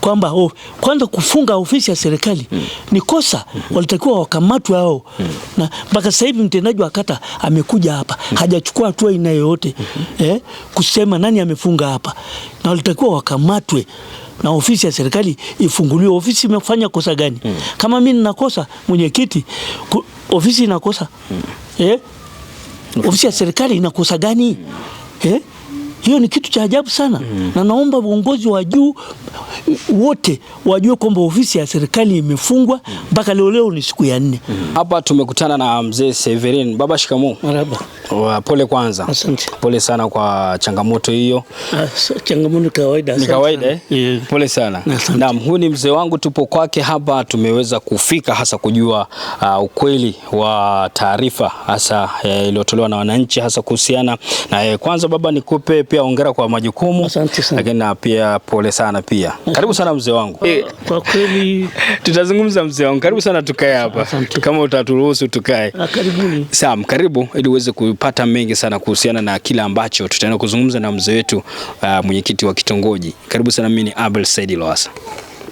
kwamba oh, kwanza kufunga ofisi ya serikali mm. ni kosa mm -hmm. walitakiwa wakamatwe hao mm. na mpaka sasa hivi mtendaji wa kata amekuja hapa mm. hajachukua hatua ina yoyote mm -hmm. eh, kusema nani amefunga hapa, na walitakiwa wakamatwe na ofisi ya serikali ifunguliwe. Ofisi imefanya kosa gani? mm. kama mimi ninakosa mwenyekiti, ofisi inakosa mm. eh, ofisi ya serikali inakosa gani? mm. eh hiyo ni kitu cha ajabu sana mm. Na naomba viongozi wa juu wote wajue kwamba ofisi ya serikali imefungwa mm. mpaka leo. Leo ni siku ya nne mm. hapa mm. Tumekutana na mzee Severin. Baba, shikamoo. Marhaba. Pole kwanza. Asante. Pole sana kwa changamoto hiyo. Ah, changamoto kawaida, ni kawaida. Eh? Yeah. Pole sana. Naam, huyu ni mzee wangu, tupo kwake hapa, tumeweza kufika hasa kujua uh, ukweli wa taarifa hasa uh, iliyotolewa na wananchi hasa kuhusiana na uh, kwanza baba nikupe pia hongera kwa majukumu. Asante sana. Lakini na pia pole sana pia. Karibu sana mzee wangu. Eh, Kwa kweli tutazungumza mzee wangu. Karibu sana tukae hapa. Kama utaturuhusu tukae. Ah, karibuni. Sam, karibu ili uweze kupata mengi sana kuhusiana na kila ambacho tutaenda kuzungumza na mzee wetu uh, mwenyekiti wa kitongoji. Karibu sana, mimi ni Abel Said Loasa.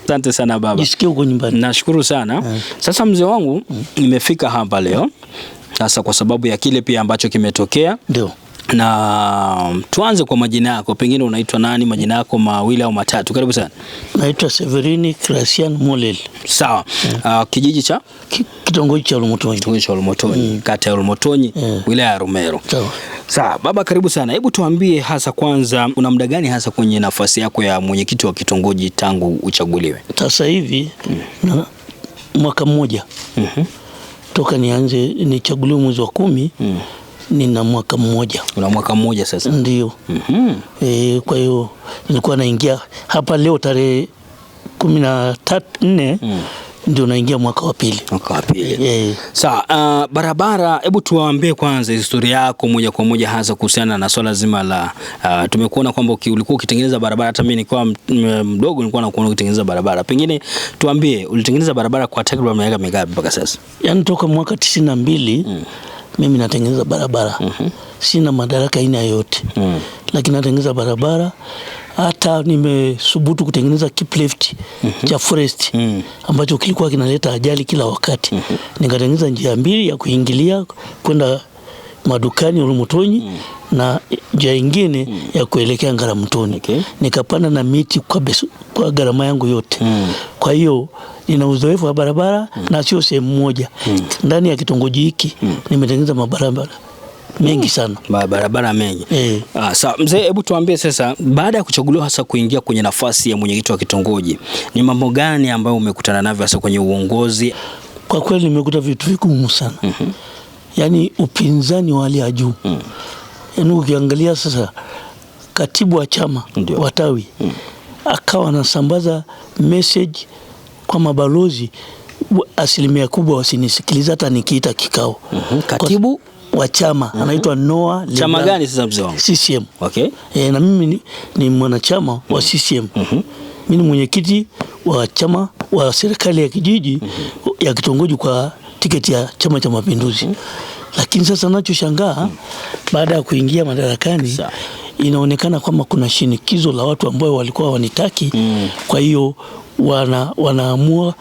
Asante sana baba. Jisikie uko nyumbani. Nashukuru sana. Yeah. Sasa mzee wangu, nimefika hapa leo. Sasa kwa sababu ya kile pia ambacho kimetokea. Ndio na mm, tuanze kwa majina yako, pengine unaitwa nani, majina yako mawili au matatu? Karibu sana. Naitwa Severini Christian Molel. Sawa. Yeah. Mm. Uh, kijiji cha kitongoji cha Olmotonyi, kitongoji cha Olmotonyi mm. kata ya Olmotonyi yeah. wilaya ya Rumero. Sawa. Sawa baba, karibu sana. Hebu tuambie hasa kwanza, una muda gani hasa kwenye nafasi yako ya mwenyekiti wa kitongoji tangu uchaguliwe? Sasa hivi mm. na mwaka mmoja mm -hmm. toka nianze nichaguliwe mwezi wa kumi mm nina mwaka mmoja. Una mwaka mmoja sasa? Ndio. mm -hmm. E, kwa hiyo nilikuwa naingia hapa leo tarehe kumi na nne mm. Ndio naingia mwaka wa pili. Mwaka wa pili. Yeah. Sawa, uh, barabara, hebu tuwaambie kwanza historia yako moja kwa moja hasa kuhusiana na swala zima la uh, tumekuona kwamba ulikuwa ukitengeneza barabara, hata mimi nilikuwa mdogo nilikuwa nakuona ukitengeneza barabara. Pengine tuambie ulitengeneza barabara kwa takriban miaka mingapi mpaka sasa? Yaani toka mwaka tisini na mbili mm mimi natengeneza barabara mm -hmm. Sina madaraka aina yote mm -hmm. Lakini natengeneza barabara hata nimesubutu kutengeneza kiplift mm -hmm. cha forest mm -hmm. ambacho kilikuwa kinaleta ajali kila wakati mm -hmm. Nikatengeneza njia mbili ya kuingilia kwenda madukani Rumutoni mm. na njia ingine mm. ya kuelekea Ngaramtoni okay. nikapanda na miti kwa, besu, kwa gharama yangu yote mm. kwa hiyo nina uzoefu wa barabara mm. na sio sehemu moja mm. ndani ya kitongoji hiki mm. nimetengeneza mabarabara mengi sana barabara mengi e. Ah, sawa mzee, hebu tuambie sasa, baada ya kuchaguliwa hasa kuingia kwenye nafasi ya mwenyekiti wa kitongoji, ni mambo gani ambayo umekutana navyo hasa kwenye uongozi? Kwa kweli nimekuta vitu vigumu sana mm -hmm yani upinzani wa hali ya juu mm. Yani ukiangalia sasa katibu wa chama wa tawi mm. akawa anasambaza message kwa mabalozi, asilimia kubwa wasinisikiliza hata nikiita kikao mm -hmm. Katibu wa chama mm -hmm. anaitwa Noah Chama gani sasa mzee wangu? CCM. Okay. E, na mimi ni, ni mwanachama mm -hmm. wa CCM mm -hmm. mimi ni mwenyekiti wa chama wa serikali ya kijiji mm -hmm. ya kitongoji kwa tiketi ya Chama cha Mapinduzi mm. Lakini sasa nachoshangaa mm. Mm-hmm. baada ya kuingia madarakani Sa. inaonekana kwamba kuna shinikizo la watu ambao walikuwa wanitaki mm. Mm-hmm. kwa hiyo wana, wanaamua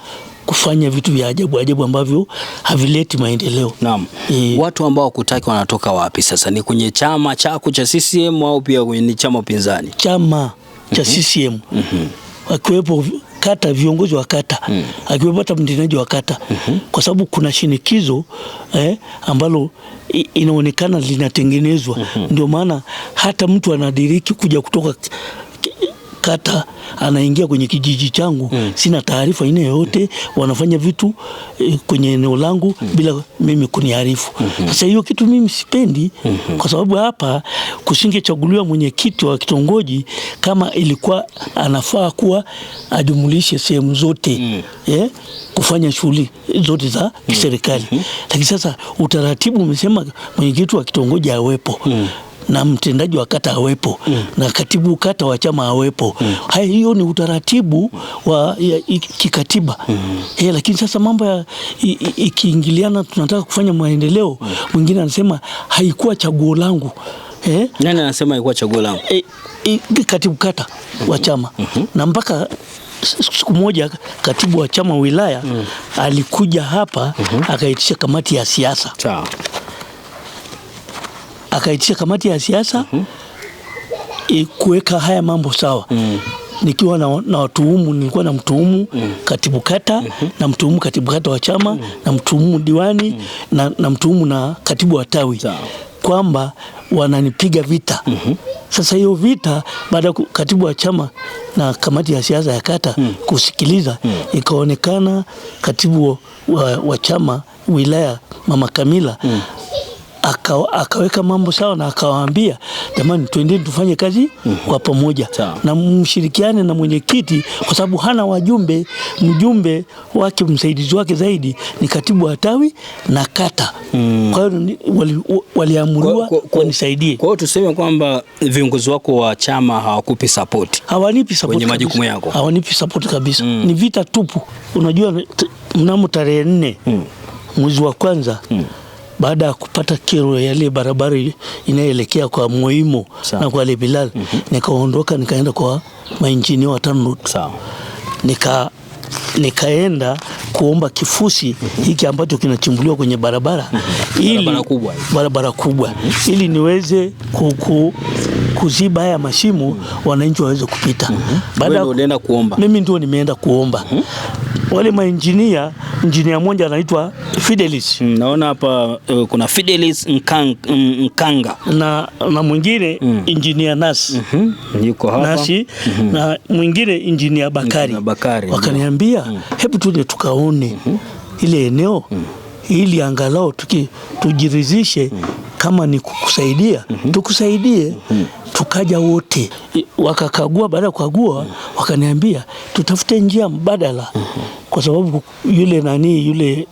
kufanya vitu vya ajabu ajabu ambavyo havileti maendeleo. Naam. E, watu ambao wakutaki wanatoka wapi sasa? Ni kwenye chama chako cha CCM au pia kwenye chama pinzani Chama cha CCM mm -hmm. mm -hmm. wakiwepo kata, viongozi wa kata mm. akiwepo hata mtendaji wa kata mm -hmm. kwa sababu kuna shinikizo eh, ambalo inaonekana linatengenezwa mm -hmm. ndio maana hata mtu anadiriki kuja kutoka kata anaingia kwenye kijiji changu mm. Sina taarifa ine yoyote, wanafanya vitu e, kwenye eneo langu mm. bila mimi kuniarifu mm -hmm. Sasa hiyo kitu mimi sipendi mm -hmm. Kwa sababu hapa kusingechaguliwa mwenyekiti wa kitongoji kama ilikuwa anafaa kuwa ajumulishe sehemu zote mm. yeah? kufanya shughuli zote za hmm. kiserikali mm -hmm. Lakini sasa utaratibu umesema mwenyekiti wa kitongoji awepo mm na mtendaji wa kata awepo mm. na katibu kata wa chama awepo mm. Haya, hiyo ni utaratibu wa ya, kikatiba mm. Mm-hmm. Hey, eh, lakini sasa mambo ya ikiingiliana, tunataka kufanya maendeleo mm-hmm. mwingine mm. anasema haikuwa chaguo langu. Eh? Nani anasema haikuwa chaguo langu? E, e, katibu kata mm -hmm. wa mm-hmm. chama mm -hmm. na mpaka siku moja katibu wa chama wilaya mm. alikuja hapa mm -hmm. akaitisha kamati ya siasa akaitisha kamati ya siasa mm -hmm. kuweka haya mambo sawa mm -hmm. nikiwa na, na watuhumu nilikuwa na mtuhumu mm -hmm. katibu kata mm -hmm. na mtuhumu katibu kata wa chama mm -hmm. na mtuhumu diwani mm -hmm. na, na mtuhumu na katibu wa tawi kwamba wananipiga vita mm -hmm. Sasa hiyo vita baada ya katibu wa chama na kamati ya siasa ya kata mm. kusikiliza mm. ikaonekana katibu wa, wa chama wilaya Mama Kamila mm aka, akaweka mambo sawa na akawaambia jamani, twendeni tufanye kazi mhm. kwa pamoja na mshirikiane na mwenyekiti kwa sababu hana wajumbe. Mjumbe wake msaidizi wake zaidi ni katibu wa tawi na kata mm. kwa hiyo waliamuriwa wali wanisaidie. Kwa hiyo tuseme kwamba viongozi wako wa chama hawakupi support, hawanipi support kwenye majukumu yako, hawanipi support kabisa mm. ni vita tupu. Unajua, mnamo tarehe nne mm. mwezi wa kwanza mm baada ya kupata kero ya ile barabara inayoelekea kwa Moimo na kwa Lebilal mm -hmm. Nikaondoka nikaenda kwa mainjinia wa TANROADS nika nikaenda kuomba kifusi mhm. hiki ambacho kinachimbuliwa kwenye barabara mhm. ili barabara kubwa, barabara kubwa. Mhm. ili niweze kuku, kuziba haya mashimo wananchi waweze kupita Baada ya kuomba, mimi ndio nimeenda kuomba wale mainjinia injinia mmoja anaitwa Fidelis. Hmm, naona hapa uh, kuna Fidelis Nkanga na, na mwingine mm. injinia Nasi mm -hmm. Mhm. yuko hapa. Nasi mm -hmm. na mwingine injinia Bakari, Bakari wakaniambia mm. hebu tuje tukaone mm -hmm. ile eneo mm ili angalau tuki tujirizishe mm. kama ni kukusaidia mm -hmm. tukusaidie mm -hmm. tukaja wote wakakagua. Baada ya kukagua, hmm. wakaniambia tutafute njia mbadala mm kwa sababu yule nani yule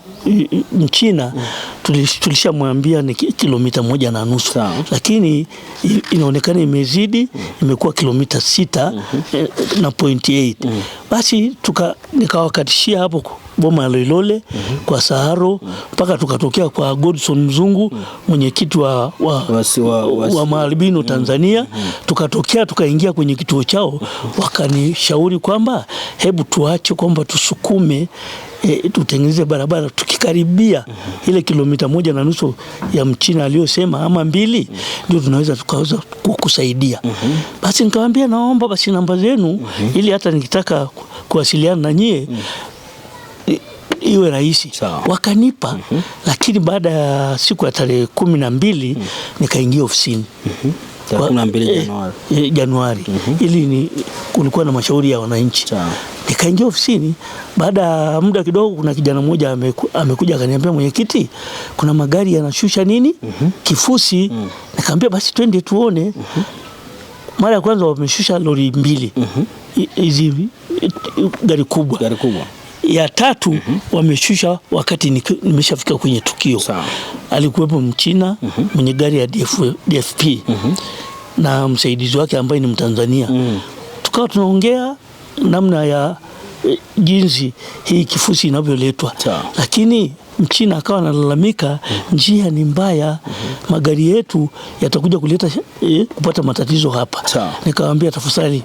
Mchina mm. tulishamwambia ni kilomita moja na nusu Sao. Lakini inaonekana imezidi, mm. imekuwa kilomita sita mm-hmm. eh, na point 8 mm. basi tuka nikawakatishia hapo boma ya Loilole mm -hmm. kwa Saharo mpaka mm -hmm. tukatokea kwa Godson Mzungu mm -hmm. mwenyekiti wa, wa, wa, wa maalbino mhm. Tanzania mm -hmm. tukatokea tukaingia kwenye kituo chao mm -hmm. wakanishauri kwamba hebu tuache kwamba tusukume E, tutengeneze barabara tukikaribia mm -hmm. ile kilomita moja na nusu ya mchina aliyosema ama mbili mm -hmm. ndio tunaweza tukaweza kukusaidia mm -hmm. Basi nikamwambia naomba basi namba zenu mm -hmm. ili hata nikitaka kuwasiliana na nyie mm -hmm iwe rahisi wakanipa. mm -hmm. Lakini baada ya siku ya tarehe kumi na mbili mm -hmm. nikaingia ofisini mm -hmm. e, Januari mm -hmm. ili ni kulikuwa na mashauri ya wananchi nikaingia ofisini. Baada ya muda kidogo, kuna kijana mmoja amekuja akaniambia, mwenyekiti, kuna magari yanashusha nini mm -hmm. kifusi mm -hmm. nikamwambia basi twende tuone mm -hmm. mara ya kwanza wameshusha lori mbili mhm. hizi -hmm. gari kubwa, gari kubwa ya tatu mm -hmm. wameshusha wakati nimeshafika kwenye tukio Sao. Alikuwepo mchina mm -hmm. mwenye gari ya DF, DFP mm -hmm. na msaidizi wake ambaye ni Mtanzania mm. Tukawa tunaongea namna ya e, jinsi hii kifusi inavyoletwa, lakini mchina akawa analalamika mm -hmm. njia ni mbaya mm -hmm. magari yetu yatakuja kuleta eh, kupata matatizo hapa. Nikamwambia tafadhali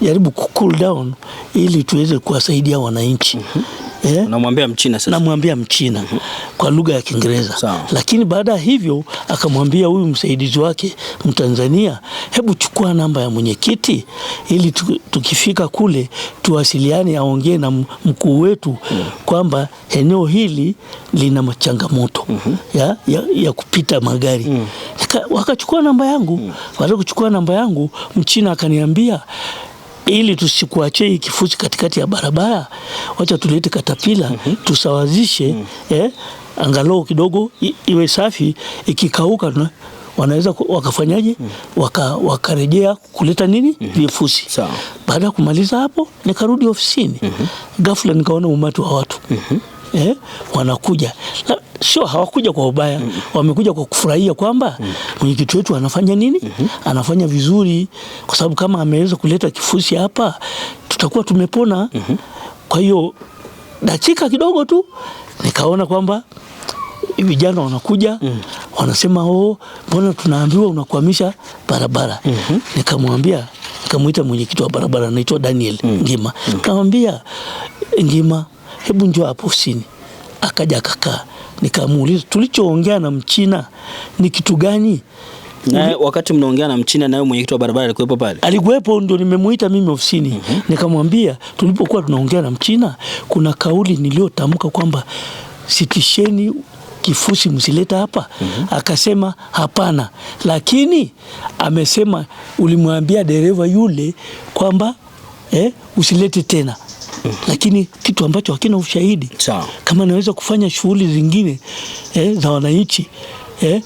jaribu cool down ili tuweze kuwasaidia wananchi. mm -hmm. Yeah. Namwambia Mchina sasa. Namwambia Mchina mm -hmm. kwa lugha ya Kiingereza. -hmm. Lakini baada ya hivyo akamwambia huyu msaidizi wake Mtanzania, hebu chukua namba ya mwenyekiti ili tukifika kule tuwasiliane, aongee na mkuu wetu mm -hmm. kwamba eneo hili lina machangamoto mm -hmm. ya, ya, ya kupita magari mm -hmm. Wakachukua namba yangu mm -hmm. Baada kuchukua namba yangu Mchina akaniambia ili tusikuachie kifusi katikati ya barabara, wacha tulete katapila mm -hmm. tusawazishe mm -hmm. eh, angalau kidogo iwe safi. Ikikauka tuna, wanaweza wakafanyaje? mm waka, wakarejea kuleta nini mm -hmm. vifusi. Sawa. Baada ya kumaliza hapo nikarudi ofisini mm -hmm. ghafla nikaona umati wa watu mm -hmm. eh, wanakuja la, sio hawakuja kwa ubaya mm Wamekuja kwa kufurahia kwamba mm mwenyekiti wetu anafanya nini mm -hmm. anafanya vizuri, kwa sababu kama ameweza kuleta kifusi hapa tutakuwa tumepona mm -hmm. Kwa hiyo dakika kidogo tu nikaona kwamba vijana wanakuja mm wanasema oh, mbona tunaambiwa unakwamisha barabara mm -hmm. Nikamwambia, nikamwita mwenyekiti wa barabara anaitwa Daniel mm -hmm. Ngima mm -hmm. Nikamwambia Ngima, hebu njoo hapo ofisini. Akaja akakaa Nikamuuliza, tulichoongea na mchina ni kitu gani? Na wakati mnaongea na mchina naye mwenyekiti wa barabara alikuwepo pale, alikuwepo, ndio nimemuita mimi ofisini mm -hmm. Nikamwambia tulipokuwa tunaongea na mchina kuna kauli niliyotamka kwamba sitisheni kifusi msileta hapa mm -hmm. Akasema hapana, lakini amesema ulimwambia dereva yule kwamba eh, usilete tena lakini kitu ambacho hakina ushahidi Kama naweza kufanya shughuli zingine eh, za wananchi eh,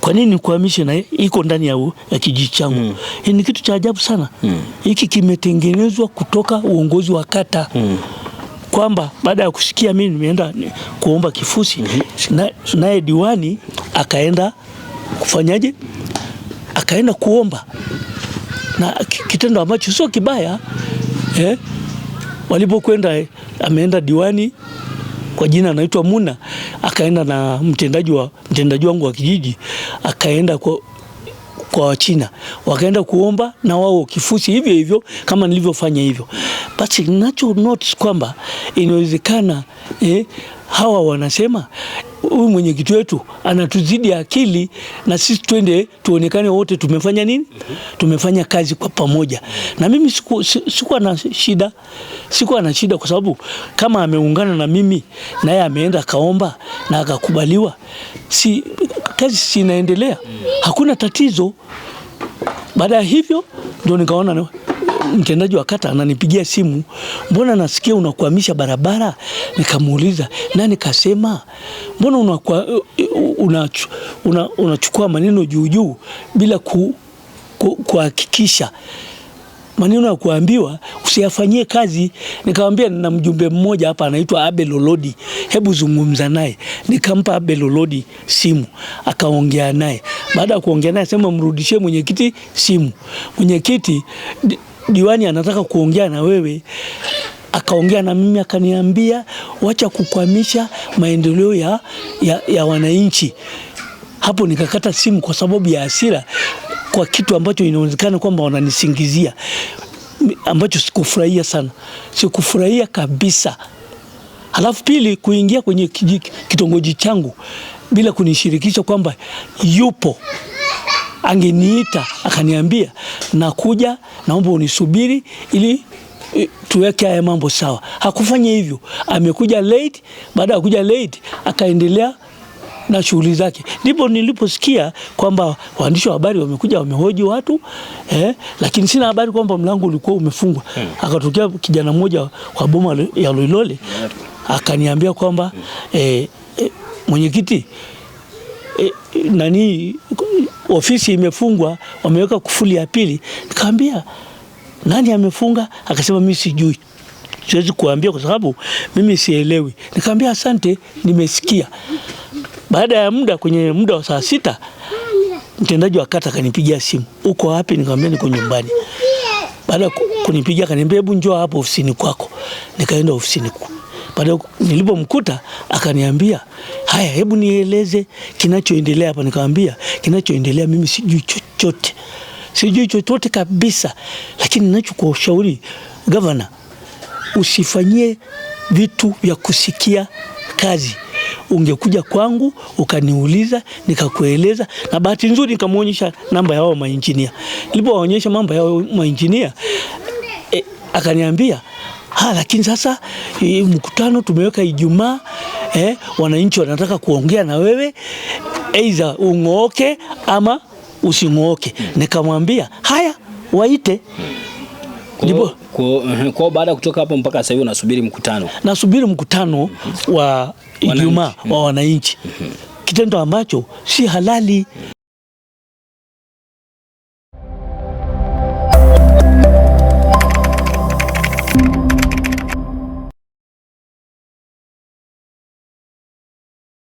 kwa nini nikuhamishe na iko ndani ya, ya kijiji changu mm. E, ni kitu cha ajabu sana hmm. hiki mm. kimetengenezwa kutoka uongozi wa kata mm. kwamba baada ya kusikia mimi nimeenda kuomba kifusi mm -hmm. naye na diwani akaenda kufanyaje, akaenda kuomba na kitendo ambacho sio kibaya eh. Walipokwenda eh, ameenda diwani kwa jina anaitwa Muna, akaenda na mtendaji wa mtendaji wangu wa kijiji, akaenda kwa kwa Wachina wakaenda kuomba na wao kifusi hivyo hivyo kama nilivyofanya hivyo. Basi nacho notes kwamba inawezekana eh, hawa wanasema huyu mwenyekiti wetu anatuzidi akili, na sisi twende tuonekane wote tumefanya nini, tumefanya kazi kwa pamoja. Na mimi sikuwa siku na shida, sikuwa na shida kwa sababu kama ameungana na mimi naye ameenda akaomba na akakubaliwa, si kazi sinaendelea hakuna tatizo. Baada ya hivyo ndio nikaona mtendaji wa kata ananipigia simu, mbona nasikia unakwamisha barabara? Nikamuuliza, nani kasema? Mbona unakuwa, unachu, una, unachukua maneno juu juu bila kuhakikisha ku, maneno ya kuambiwa usiyafanyie kazi. Nikamwambia nina mjumbe mmoja hapa anaitwa Abel Olodi, hebu zungumza naye. Nikampa Abel Olodi simu, akaongea naye. Baada ya kuongea naye, sema mrudishie mwenyekiti simu. Mwenyekiti diwani anataka kuongea na wewe, akaongea na mimi akaniambia, wacha kukwamisha maendeleo ya, ya, ya wananchi. Hapo nikakata simu kwa sababu ya hasira kwa kitu ambacho inaonekana kwamba wananisingizia ambacho sikufurahia sana, sikufurahia kabisa. Halafu pili, kuingia kwenye kitongoji changu bila kunishirikisha kwamba yupo angeniita akaniambia, nakuja, naomba unisubiri ili e, tuweke haya mambo sawa. Hakufanya hivyo, amekuja late. Baada ya kuja late, akaendelea na shughuli zake. Ndipo niliposikia kwamba waandishi wa habari wamekuja wamehoji watu eh, lakini sina habari kwamba mlango ulikuwa umefungwa hmm. Akatokea kijana mmoja kwa boma ya Loilole akaniambia kwamba hmm. eh, eh, mwenyekiti eh, nani ofisi imefungwa, wameweka kufuli ya pili. Nikamwambia nani amefunga? Akasema mimi sijui, siwezi kuambia kwa sababu mimi sielewi. Nikamwambia asante, nimesikia. Baada ya muda, kwenye muda wa saa sita, mtendaji wa kata akanipigia simu, uko wapi? Nikamwambia niko nyumbani. Baada kunipigia, akaniambia hebu njoo hapo ofisini kwako. Nikaenda ofisini kwako. Baada nilipomkuta akaniambia, haya, hebu nieleze kinachoendelea hapa. Nikamwambia kinachoendelea, mimi sijui chochote, sijui chochote kabisa, lakini ninachokushauri gavana, usifanyie vitu vya kusikia kazi. Ungekuja kwangu ukaniuliza, nikakueleza. Na bahati nzuri nikamwonyesha namba ya wao mainjinia. Nilipowaonyesha mambo ya wao mainjinia, e, eh, akaniambia ha, ah, lakini sasa mkutano tumeweka Ijumaa eh, wananchi wanataka kuongea na wewe, aidha ung'ooke ama using'ooke. Hmm. Nikamwambia haya, waite kwa baada ya kutoka hapo mpaka sasa hivi unasubiri mkutano? Nasubiri mkutano wa Ijumaa wa hmm. wananchi, hmm. kitendo ambacho si halali.